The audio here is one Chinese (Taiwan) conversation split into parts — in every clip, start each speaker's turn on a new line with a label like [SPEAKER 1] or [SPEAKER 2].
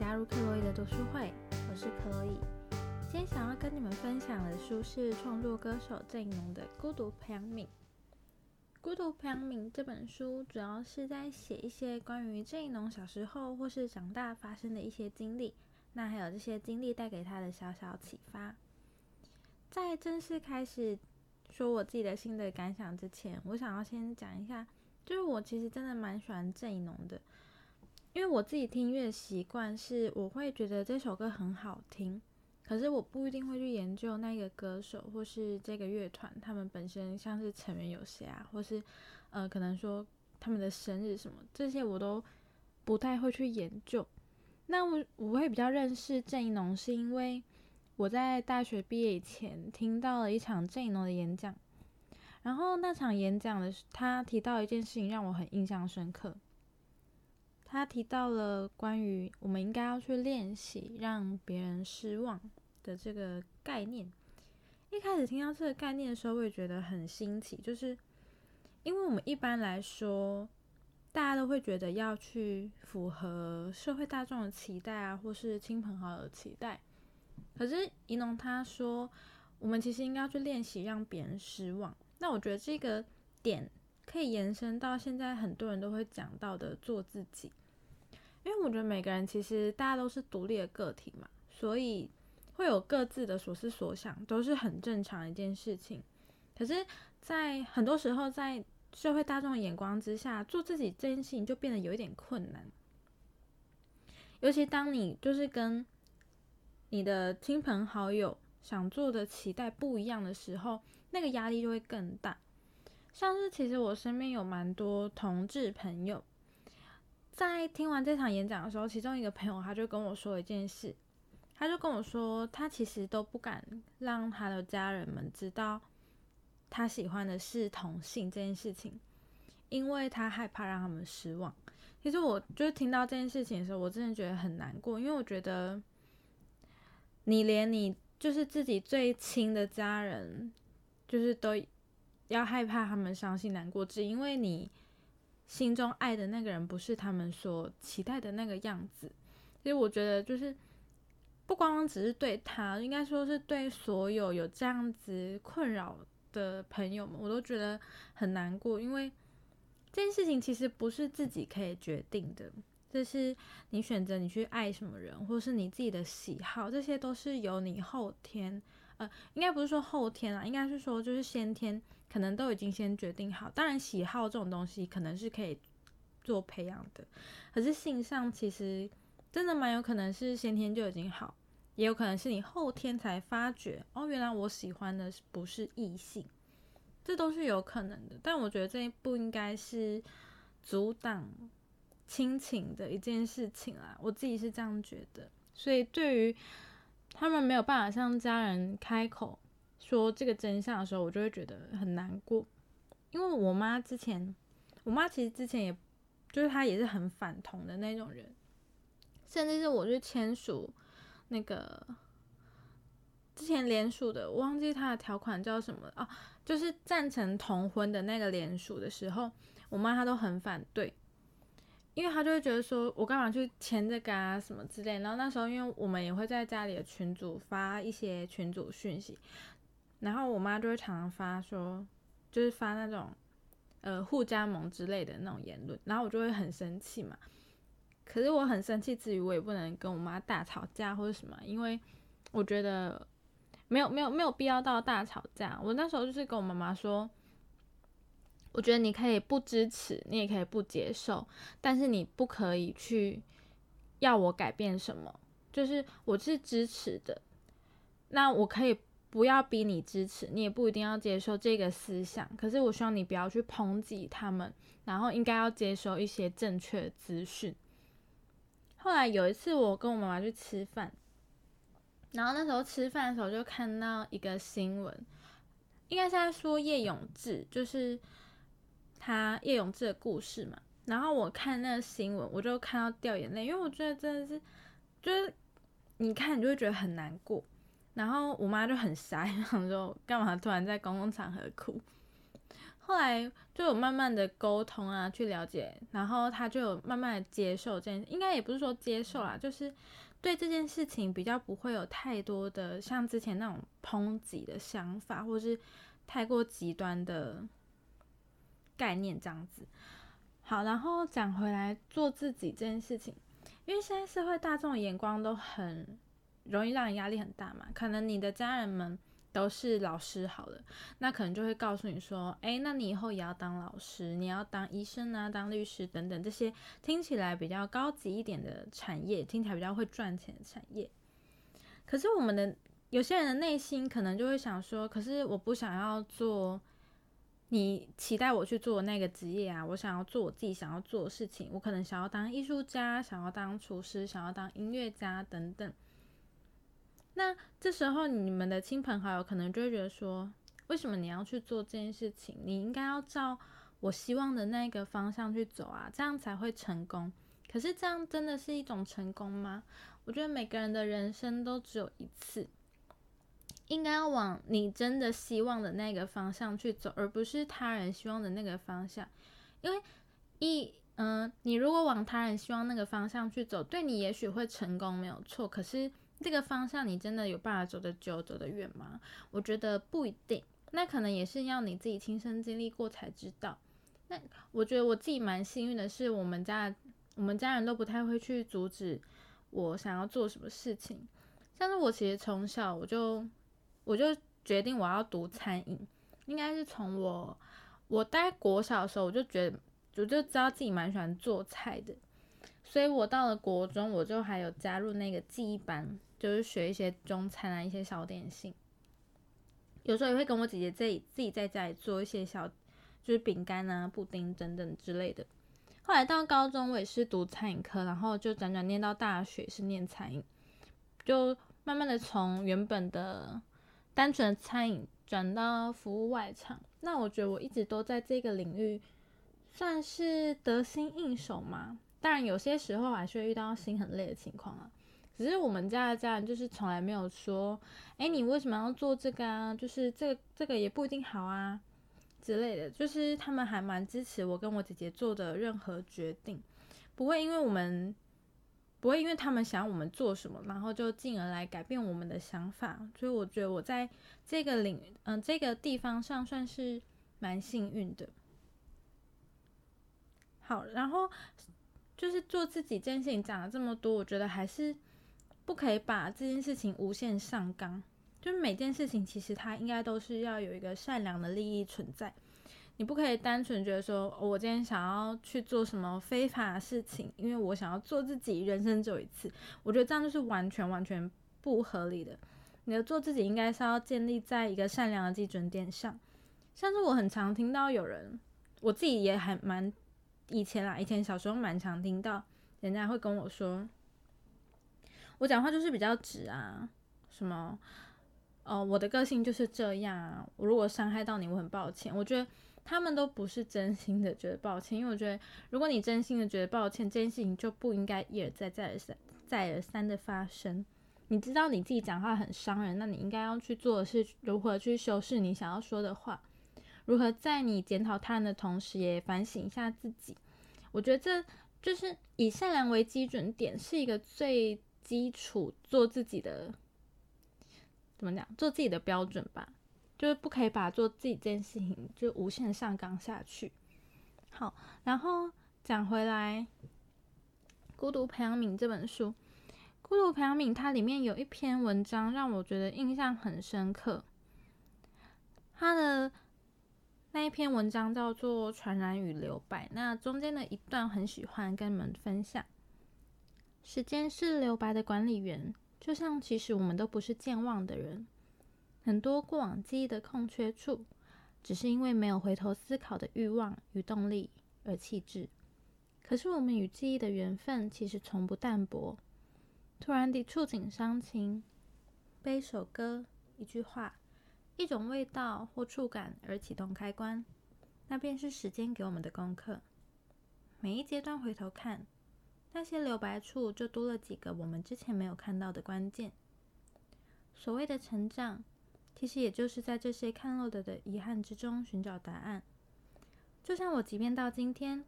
[SPEAKER 1] 加入克洛伊的讀書會，我是克洛伊。今天想要跟你們分享的書是創作歌手鄭宜農的《孤獨培養皿》。《孤獨培養皿》這本書主要是在寫一些關於鄭宜農小時候或是長大發生的一些經歷，那還有這些經歷帶給他的小小啟發。在正式開始說我自己的心得感想之前，我想要先講一下，就是我其實真的蠻喜歡鄭宜農的。因為我自己聽音樂的習慣是，我會覺得這首歌很好聽，可是我不一定會去研究那個歌手或是這個樂團，他們本身像是成員有誰啊，或是呃，可能說他們的生日什麼這些，我都不太會去研究。那我我會比較認識鄭宜農，是因為我在大學畢業以前聽到了一場鄭宜農的演講，然後那場演講的他提到一件事情讓我很印象深刻。他提到了關於我們應該要去練習讓別人失望的這個概念。一開始聽到這個概念的時候，我也覺得很新奇，就是因為我們一般來說，大家都會覺得要去符合社會大眾的期待啊，或是親朋好友的期待。可是怡農他說，我們其實應該要去練習讓別人失望。那我覺得這個點，可以延伸到現在很多人都會講到的做自己，因為我覺得每個人其實大家都是獨立的個體嘛，所以會有各自的所思所想，都是很正常一件事情。可是，在很多時候，在社會大眾的眼光之下，做自己這件事情就變得有一點困難。尤其當你就是跟你的親朋好友想做的期待不一樣的時候，那個壓力就會更大。像是其實我身邊有蠻多同志朋友，在聽完這場演講的時候，其中一個朋友他就跟我說一件事，他就跟我說他其實都不敢讓他的家人們知道他喜歡的是同性這件事情，因為他害怕讓他們失望。其實我就是聽到這件事情的時候，我真的覺得很難過，因為我覺得你連你就是自己最親的家人，就是都。要害怕他們傷心難過，只因為你心中愛的那個人不是他們所期待的那個樣子。所以我覺得，就是不光光只是對他，應該說是對所有有這樣子困擾的朋友們，我都覺得很難過，因為這件事情其實不是自己可以決定的。這、就是你選擇你去愛什麼人，或是你自己的喜好，這些都是由你後天，呃，應該不是說後天啊，應該是說就是先天。可能都已經先決定好，當然喜好這種東西可能是可以做培養的，可是性上其實真的蠻有可能是先天就已經好，也有可能是你後天才發覺哦，原來我喜歡的不是異性，這都是有可能的。但我覺得這不應該是阻擋親情的一件事情啊，我自己是這樣覺得。所以對於他們沒有辦法向家人開口，說這個真相的時候，我就會覺得很難過，因為我媽之前，我媽其實之前也，就是她也是很反同的那種人，甚至是我去簽署那個之前連署的，我忘記他的條款叫什麼了啊，就是贊成同婚的那個連署的時候，我媽她都很反對，因為她就會覺得說，我幹嘛去簽這個啊什麼之類，然後那時候因為我們也會在家裡的群組發一些群組訊息。然後我媽就會常常發說，就是發那種，呃，護家盟之類的那種言論，然後我就會很生氣嘛。可是我很生氣之餘，我也不能跟我媽大吵架或者什麼，因為我覺得沒有沒有沒有必要到大吵架。我那時候就是跟我媽媽說，我覺得你可以不支持，你也可以不接受，但是你不可以去要我改變什麼。就是我是支持的，那我可以。不要逼你支持，你也不一定要接受這個思想。可是我希望你不要去抨擊他們，然後應該要接受一些正確的資訊。後來有一次，我跟我媽媽去吃飯，然後那時候吃飯的時候就看到一個新聞，應該是在說葉永志，就是他葉永志的故事嘛。然後我看那個新聞，我就看到掉眼淚，因為我覺得真的是，就是你看你就會覺得很難過。然後我媽就很傻，想說幹嘛突然在公共場合哭？後來就有慢慢的溝通啊，去了解，然後她就有慢慢的接受這件，應該也不是說接受啦，就是對這件事情比較不會有太多的像之前那種抨擊的想法，或是太過極端的概念這樣子。好，然後講回來做自己這件事情，因為現在社會大眾的眼光都很。容易讓人壓力很大嘛。可能你的家人們都是老師，好了，那可能就會告訴你說：“哎，那你以後也要當老師，你要當醫生啊，當律師等等，這些聽起來比較高級一點的產業，聽起來比較會賺錢的產業。”可是我們的有些人的內心可能就會想說：“可是我不想要做你期待我去做那個職業啊，我想要做我自己想要做的事情。我可能想要當藝術家，想要當廚師，想要當音樂家等等。”那這時候，你們的親朋好友可能就覺得說，為什麼你要去做這件事情？你應該要照我希望的那個方向去走啊，這樣才會成功。可是這樣真的是一種成功嗎？我覺得每個人的人生都只有一次，應該要往你真的希望的那個方向去走，而不是他人希望的那個方向。因為一，嗯、呃，你如果往他人希望那個方向去走，對你也許會成功，沒有錯。可是。這個方向你真的有辦法走得久，走得遠嗎？我覺得不一定，那可能也是要你自己親身經歷過才知道。那我覺得我自己蠻幸運的是，我們家我們家人都不太會去阻止我想要做什麼事情。像是我其實從小我就我就決定我要讀餐飲，應該是從我我待國小的時候我就覺得我就知道自己蠻喜歡做菜的。所以我到了國中，我就還有加入那個技藝班，就是學一些中餐啊，一些小點心。有時候也會跟我姐姐在自、自己在家裡做一些小，就是餅乾啊、布丁等等之類的。後來到高中，我也是讀餐飲科，然後就輾轉唸到大學，是唸餐飲，就慢慢的從原本的單純的餐飲轉到服務外場。那我覺得我一直都在這個領域，算是得心應手嘛。當然，有些時候還是會遇到心很累的情況啊。只是我們家的家人就是從來沒有說：“哎，你為什麼要做這個啊？就是這個這個也不一定好啊”之類的。就是他們還蠻支持我跟我姐姐做的任何決定，不會因為我們不會因為他們想我們做什麼，然後就進而來改變我們的想法。所以我覺得我在這個領嗯這個地方上算是蠻幸運的。好，然後。就是做自己這件事情，講了這麼多，我覺得還是不可以把這件事情無限上綱。就是每件事情，其實它應該都是要有一個善良的利益存在。你不可以單純覺得說，哦，我今天想要去做什麼非法事情，因為我想要做自己，人生只有一次。我覺得這樣就是完全完全不合理的。你的做自己應該是要建立在一個善良的基準點上。像是我很常聽到有人，我自己也還蠻。以前啦，以前小時候蠻常聽到人家會跟我說，我講話就是比較直啊，什麼，哦、呃，我的個性就是這樣啊。我如果傷害到你，我很抱歉。我覺得他們都不是真心的覺得抱歉，因為我覺得如果你真心的覺得抱歉，這件事情就不應該一而再、再而三、再而三的發生。你知道你自己講話很傷人，那你應該要去做的是如何去修飾你想要說的話。如何在你檢討他人的同時，也反省一下自己？我覺得這就是以善良為基準點，是一個最基礎做自己的，怎麼講？做自己的標準吧，就是不可以把做自己這件事情就無限上綱下去。好，然後講回來，《孤獨培養皿》這本書，《孤獨培養皿》它裡面有一篇文章讓我覺得印象很深刻，它的。那一篇文章叫做《傳染與留白》，那中間的一段很喜歡跟你們分享。時間是留白的管理員，就像其實我們都不是健忘的人，很多過往記憶的空缺處，只是因為沒有回頭思考的欲望與動力而棄置。可是我們與記憶的緣分其實從不淡薄。突然的觸景傷情，背一首歌，一句話。一種味道或觸感而啟動開關，那便是時間給我們的功課。每一階段回頭看，那些留白處就多了幾個我們之前沒有看到的關鍵。所謂的成長，其實也就是在這些看漏的的遺憾之中尋找答案。就像我，即便到今天，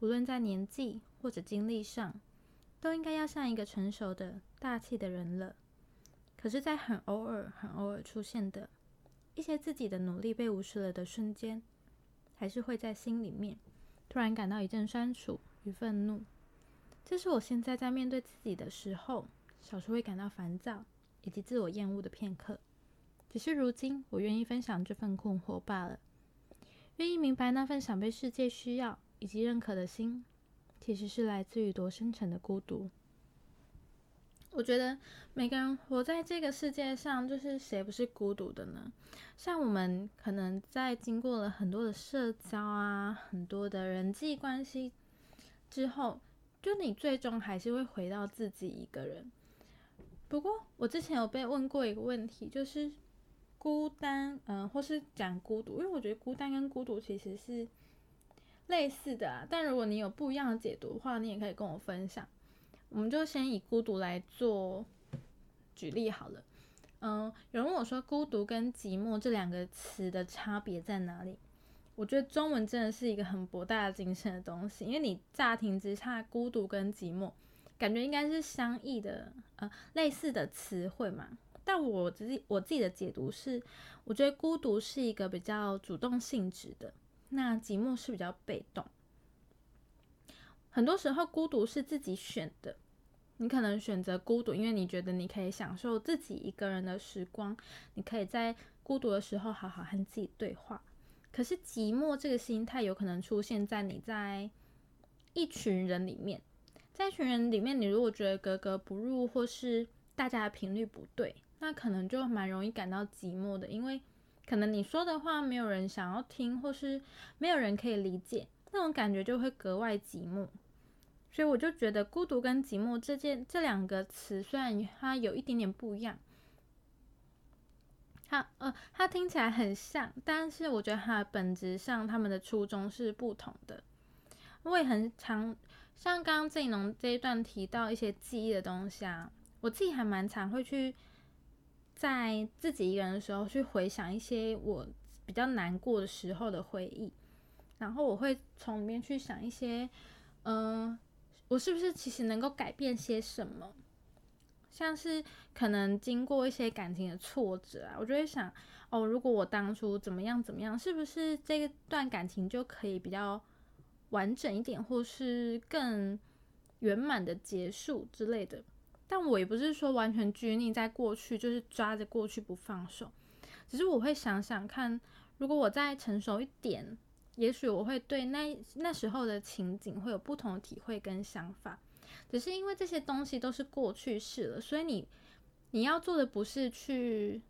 [SPEAKER 1] 無論在年紀或者經歷上，都應該要像一個成熟的大氣的人了。可是，在很偶爾、很偶爾出現的。一些自己的努力被無視了的瞬間，還是會在心裡面突然感到一陣酸楚與憤怒。這是我現在在面對自己的時候，少數會感到煩躁以及自我厭惡的片刻。只是如今，我願意分享這份困惑罷了，願意明白那份想被世界需要以及認可的心，其實是來自於多深沉的孤獨。我覺得每個人活在這個世界上，就是誰不是孤獨的呢？像我們可能在經過了很多的社交啊，很多的人際關係之後，就你最終還是會回到自己一個人。不過我之前有被問過一個問題，就是孤單，嗯，呃，或是講孤獨，因為我覺得孤單跟孤獨其實是類似的啊，但如果你有不一樣的解讀的話，你也可以跟我分享。我們就先以孤獨來做舉例好了。嗯、呃，有人問我說，孤獨跟寂寞這兩個詞的差別在哪裡？我覺得中文真的是一個很博大精深的東西，因為你乍聽之下，孤獨跟寂寞感覺應該是相異的，呃，類似的詞彙嘛。但我自己，我自己的解讀是，我覺得孤獨是一個比較主動性質的，那寂寞是比較被動。很多時候，孤獨是自己選的。你可能選擇孤獨，因為你覺得你可以享受自己一個人的時光，你可以在孤獨的時候好好和自己對話。可是寂寞這個心態有可能出現在你在一群人裡面，在一群人裡面，你如果覺得格格不入，或是大家的頻率不對，那可能就蠻容易感到寂寞的，因為可能你說的話沒有人想要聽，或是沒有人可以理解，那種感覺就會格外寂寞。所以我就覺得“孤獨”跟“寂寞”這件這兩個詞，雖然它有一點點不一樣，它呃，它聽起來很像，但是我覺得它本質上他們的初衷是不同的。我也很常像剛剛靜龍這一段提到一些記憶的東西啊，我自己還蠻常會去在自己一個人的時候去回想一些我比較難過的時候的回憶，然後我會從裡面去想一些，嗯、呃。我是不是其實能夠改變些什麼？像是可能經過一些感情的挫折啊，我就會想，哦，如果我當初怎麼樣怎麼樣，是不是這段感情就可以比較完整一點，或是更圓滿的結束之類的。但我也不是說完全拘泥在過去，就是抓着過去不放手，只是我會想想看，如果我再成熟一點。也許我會對那那時候的情景會有不同的體會跟想法，只是因為這些東西都是過去式了，所以你你要做的不是去，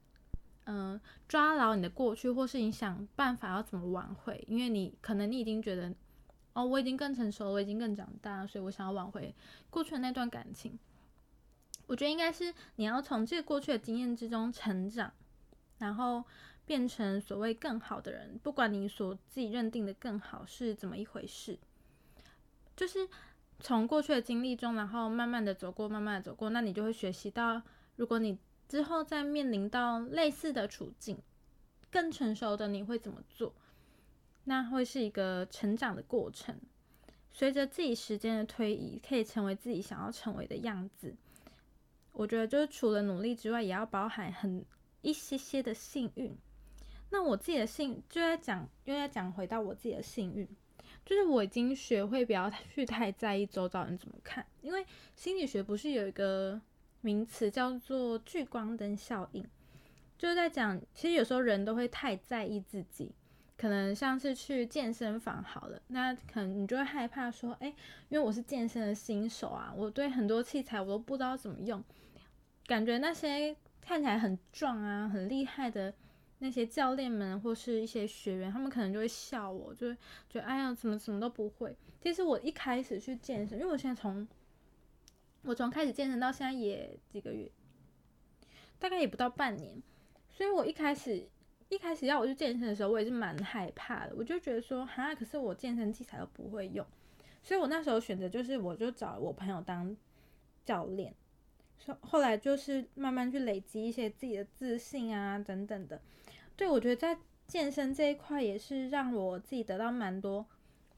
[SPEAKER 1] 嗯、呃，抓牢你的過去，或是你想辦法要怎麼挽回，因為你可能你已經覺得，哦，我已經更成熟，我已經更長大，所以我想要挽回過去的那段感情。我覺得應該是你要從這個過去的經驗之中成長，然後。變成所謂更好的人，不管你所自己認定的更好是怎麼一回事，就是從過去的經歷中，然後慢慢的走過，慢慢的走過，那你就會學習到，如果你之後再面臨到類似的處境，更成熟的你會怎麼做？那會是一個成長的過程，隨着自己時間的推移，可以成為自己想要成為的樣子。我覺得就是除了努力之外，也要包含很一些些的幸運。那我自己的幸就在講，又在講回到我自己的幸運，就是我已經學會不要去太在意周遭人怎麼看，因為心理學不是有一個名詞叫做聚光燈效應？就是在講其實有時候人都會太在意自己，可能像是去健身房好了，那可能你就會害怕說，哎，因為我是健身的新手啊，我對很多器材我都不知道怎麼用，感覺那些看起來很壯啊、很厲害的。那些教練們或是一些學員，他們可能就會笑我，就是覺得哎呀，怎麼什麼都不會。其實我一開始去健身，因為我現在從我從開始健身到現在也幾個月，大概也不到半年，所以我一開始一開始要我去健身的時候，我也是蠻害怕的。我就覺得說，哈，可是我健身器材都不會用，所以我那時候選擇就是我就找我朋友當教練，後來就是慢慢去累積一些自己的自信啊，等等的。對，我覺得在健身這一塊也是讓我自己得到蠻多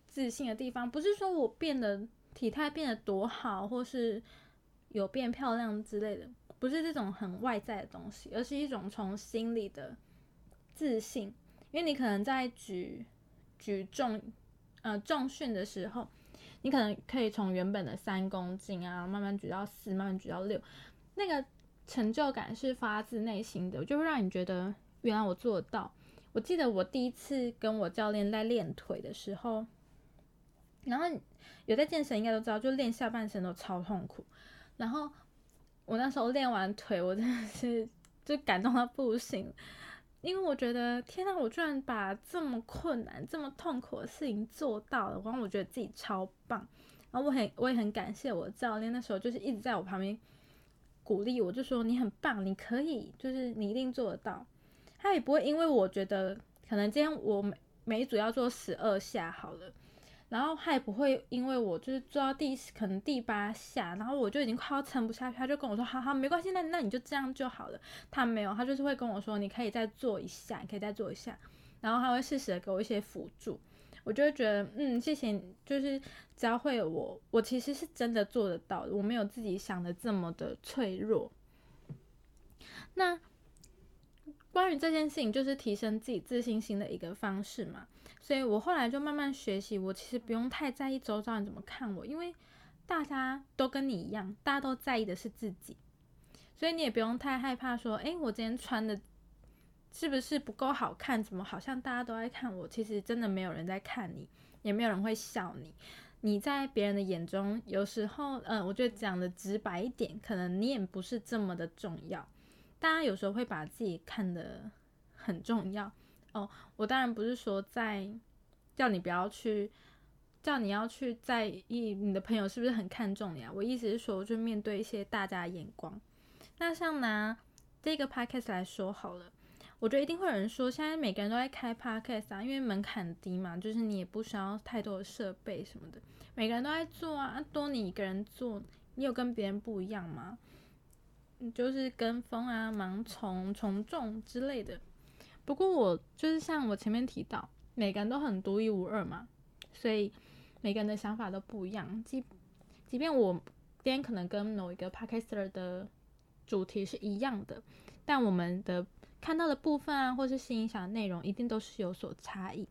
[SPEAKER 1] 自信的地方。不是說我變得體態變得多好，或是有變漂亮之類的，不是這種很外在的東西，而是一種從心裡的自信。因為你可能在舉舉重，呃，重訓的時候，你可能可以從原本的三公斤啊，慢慢舉到四，慢慢舉到六，那個成就感是發自內心的，我就會讓你覺得。原來我做得到。我記得我第一次跟我教練在練腿的時候，然後有在健身應該都知道，就練下半身都超痛苦。然後我那時候練完腿，我真的是就感動到不行，因為我覺得天哪，我居然把這麼困難、這麼痛苦的事情做到了，然後我覺得自己超棒。然後我很我也很感謝我教練，那時候就是一直在我旁邊鼓勵我，就說你很棒，你可以，就是你一定做得到。他也不會因為我覺得可能今天我每每組要做十二下好了，然後他也不會因為我就是做到第十可能第八下，然後我就已經快要撐不下去，他就跟我說：“好好沒關係，那那你就這樣就好了。”他沒有，他就是會跟我說：“你可以再做一下，你可以再做一下。”然後他會適時的給我一些輔助，我就會覺得嗯，謝謝你，就是教會我，我其實是真的做得到，我沒有自己想的這麼的脆弱。那。關於這件事情，就是提升自己自信心的一個方式嘛，所以我後來就慢慢學習，我其實不用太在意周遭人怎麼看我，因為大家都跟你一樣，大家都在意的是自己，所以你也不用太害怕說，誒，我今天穿的是不是不夠好看？怎麼好像大家都在看我？其實真的沒有人在看你，也沒有人會笑你，你在別人的眼中，有時候，嗯，我覺得講得直白一點，可能你也不是這麼的重要。大家有時候會把自己看得很重要哦。我當然不是說在叫你不要去，叫你要去在意你的朋友是不是很看重你啊。我意思是說，就面對一些大家的眼光。那像拿這個 podcast 來說好了，我覺得一定會有人說，現在每個人都在開 podcast 啊，因為門檻低嘛，就是你也不需要太多的設備什麼的，每個人都在做啊。那多你一個人做，你有跟別人不一樣嗎？就是跟風啊、盲從、從眾之類的。不過我就是像我前面提到，每個人都很獨一無二嘛，所以每個人的想法都不一樣。即即便我今天可能跟某、no、一個 podcaster 的主題是一樣的，但我們的看到的部分啊，或是心裡想的內容，一定都是有所差異。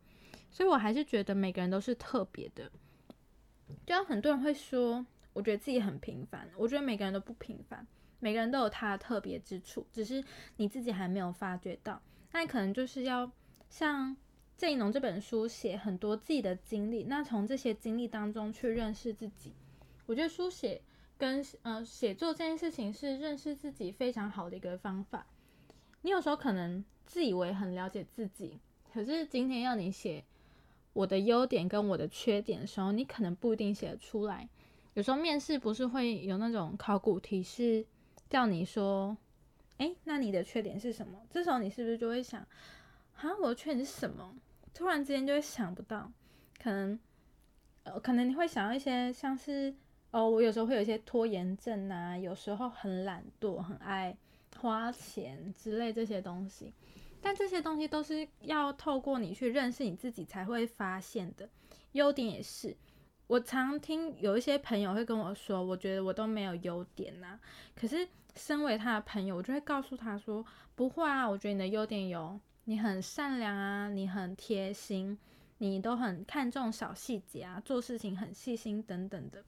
[SPEAKER 1] 所以我還是覺得每個人都是特別的。就像很多人會說，我覺得自己很平凡。我覺得每個人都不平凡。每個人都有他的特別之處，只是你自己還沒有發覺到。那你可能就是要像鄭一農這本書寫很多自己的經歷，那從這些經歷當中去認識自己。我覺得書寫跟呃寫作這件事情是認識自己非常好的一個方法。你有時候可能自以為很了解自己，可是今天要你寫我的優點跟我的缺點的時候，你可能不一定寫得出來。有時候面試不是會有那種考古題是？叫你說，哎，那你的缺點是什麼？這時候你是不是就會想，啊，我的缺點是什麼？突然之間就會想不到，可能，呃，可能你會想到一些像是，哦，我有時候會有一些拖延症啊，有時候很懶惰，很愛花錢之類這些東西。但這些東西都是要透過你去認識你自己才會發現的。優點也是。我常聽有一些朋友會跟我說，我覺得我都沒有優點吶、啊。可是身為他的朋友，我就會告訴他說：“不會啊，我覺得你的優點有，你很善良啊，你很貼心，你都很看重小細節啊，做事情很細心等等的。”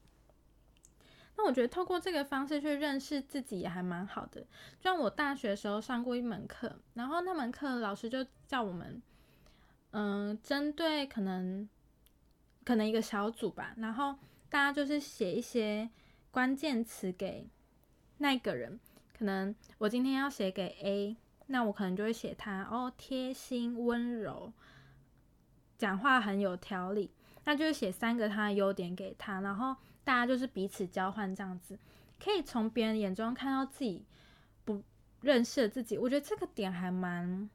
[SPEAKER 1] 那我覺得透過這個方式去認識自己也還蠻好的。就像我大學的時候上過一門課，然後那門課老師就叫我們，嗯、呃，針對可能。可能一個小組吧，然後大家就是寫一些關鍵詞給那個人。可能我今天要寫給 A，那我可能就會寫他哦，貼心、溫柔，講話很有條理。那就是寫三個他的優點給他，然後大家就是彼此交換這樣子，可以從別人眼中看到自己不認識的自己。我覺得這個點還蠻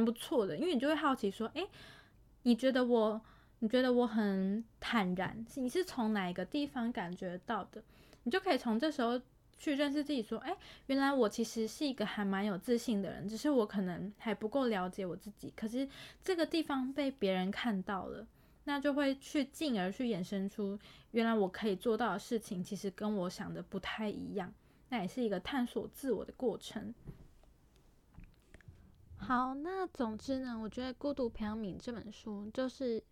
[SPEAKER 1] 蠻不錯的，因為你就會好奇說，哎，你覺得我？你覺得我很坦然，你是從哪一個地方感覺到的？你就可以從這時候去認識自己，說：“哎，原來我其實是一個還蠻有自信的人，只是我可能還不夠了解我自己。”可是這個地方被別人看到了，那就會去進而去衍生出原來我可以做到的事情，其實跟我想的不太一樣。那也是一個探索自我的過程。好，那總之呢，我覺得《孤獨培養皿》這本書就是。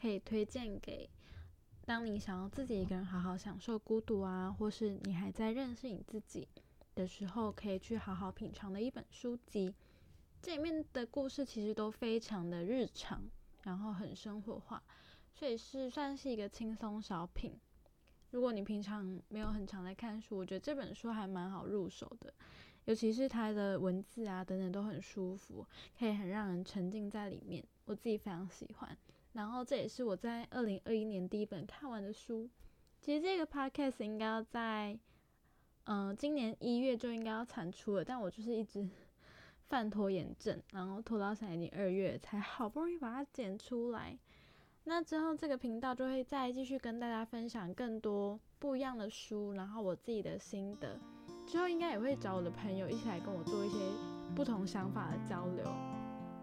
[SPEAKER 1] 可以推薦給當你想要自己一個人好好享受孤獨啊，或是你還在認識你自己的時候，可以去好好品嘗的一本書籍。這裡面的故事其實都非常的日常，然後很生活化，所以是算是一個輕鬆小品。如果你平常沒有很常在看書，我覺得這本書還蠻好入手的，尤其是它的文字啊等等都很舒服，可以很讓人沉浸在裡面。我自己非常喜歡。然後這也是我在二零二一年第一本看完的書。其實這個 podcast 應該要在，嗯、呃，今年一月就應該要產出的，但我就是一直犯拖延症，然後拖到現在已經二月才好不容易把它剪出來。那之後這個頻道就會再繼續跟大家分享更多不一樣的書，然後我自己的心得。之後應該也會找我的朋友一起來跟我做一些不同想法的交流。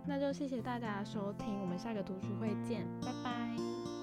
[SPEAKER 1] 那就謝謝大家收聽，我們下個讀書會見，拜拜。